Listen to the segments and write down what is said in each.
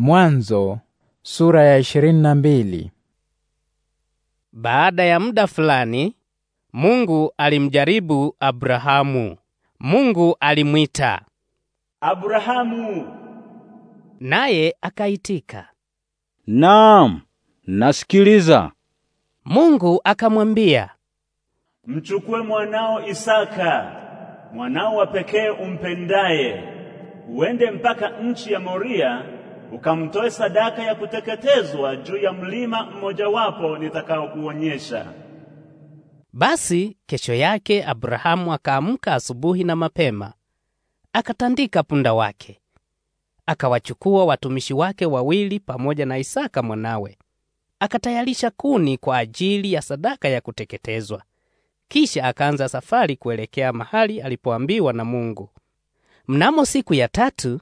Mwanzo sura ya 22. Baada ya muda fulani Mungu alimjaribu Abrahamu. Mungu alimwita Abrahamu, naye akaitika, naam, nasikiliza. Mungu akamwambia, mchukue mwanao Isaka, mwanao wa pekee umpendaye, uende mpaka nchi ya Moria ukamtoe sadaka ya kuteketezwa juu ya mlima mmojawapo nitakaokuonyesha. Basi kesho yake Abrahamu akaamka asubuhi na mapema, akatandika punda wake, akawachukua watumishi wake wawili pamoja na Isaka mwanawe, akatayarisha kuni kwa ajili ya sadaka ya kuteketezwa. Kisha akaanza safari kuelekea mahali alipoambiwa na Mungu. Mnamo siku ya tatu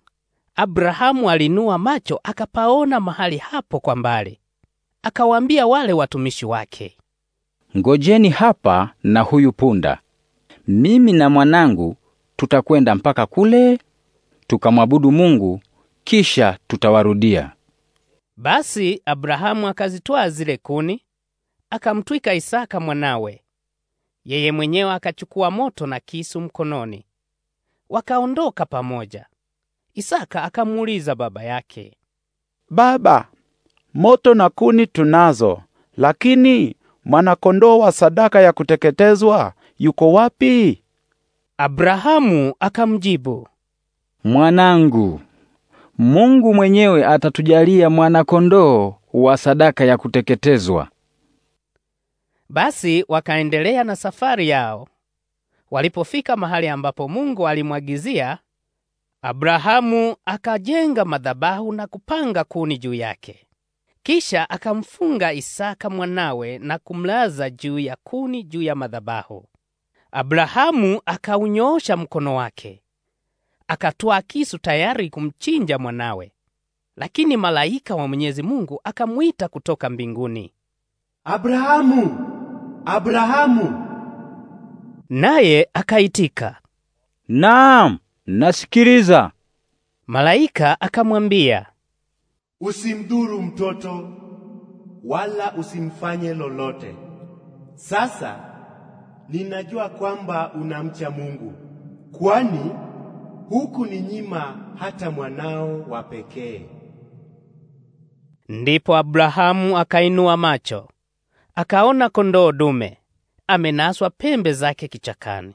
Abrahamu alinua macho akapaona mahali hapo kwa mbali. Akawaambia wale watumishi wake, ngojeni hapa na huyu punda, mimi na mwanangu tutakwenda mpaka kule tukamwabudu Mungu, kisha tutawarudia. Basi Abrahamu akazitwaa zile kuni, akamtwika Isaka mwanawe, yeye mwenyewe akachukua moto na kisu mkononi, wakaondoka pamoja. Isaka akamuuliza baba yake, Baba, moto na kuni tunazo, lakini mwanakondoo wa sadaka ya kuteketezwa yuko wapi? Abrahamu akamjibu, Mwanangu, Mungu mwenyewe atatujalia mwanakondoo wa sadaka ya kuteketezwa. Basi wakaendelea na safari yao. Walipofika mahali ambapo Mungu alimwagizia, Abrahamu akajenga madhabahu na kupanga kuni juu yake. Kisha akamfunga Isaka mwanawe na kumlaza juu ya kuni juu ya madhabahu. Abrahamu akaunyoosha mkono wake, akatoa kisu tayari kumchinja mwanawe, lakini malaika wa Mwenyezi Mungu akamwita kutoka mbinguni, Abrahamu, Abrahamu! Naye akaitika, Naam nasikiliza. Malaika akamwambia, usimdhuru mtoto wala usimfanye lolote. Sasa ninajua kwamba unamcha Mungu, kwani huku ni nyima hata mwanao wa pekee. Ndipo Abrahamu akainua macho akaona kondoo dume amenaswa pembe zake kichakani.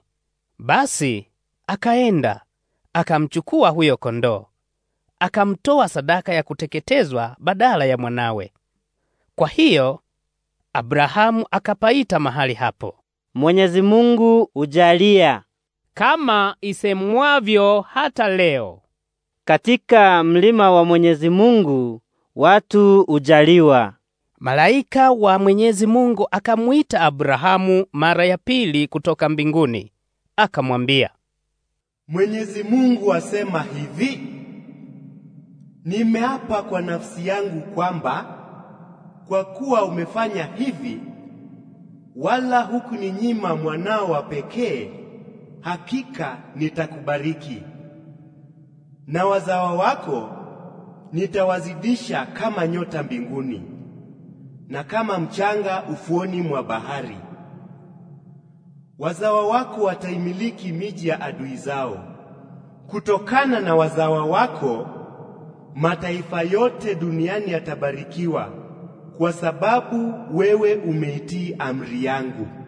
Basi akaenda Akamchukua huyo kondoo, akamtoa sadaka ya kuteketezwa badala ya mwanawe. Kwa hiyo Abrahamu akapaita mahali hapo Mwenyezi Mungu ujalia, kama isemwavyo hata leo, katika mlima wa Mwenyezi Mungu watu ujaliwa. Malaika wa Mwenyezi Mungu akamwita Abrahamu mara ya pili kutoka mbinguni, akamwambia Mwenyezi Mungu asema hivi: Nimeapa kwa nafsi yangu kwamba kwa kuwa umefanya hivi wala hukuninyima mwanao wa pekee, hakika nitakubariki na wazawa wako nitawazidisha kama nyota mbinguni na kama mchanga ufuoni mwa bahari. Wazawa wako wataimiliki miji ya adui zao. Kutokana na wazawa wako mataifa yote duniani yatabarikiwa, kwa sababu wewe umeitii amri yangu.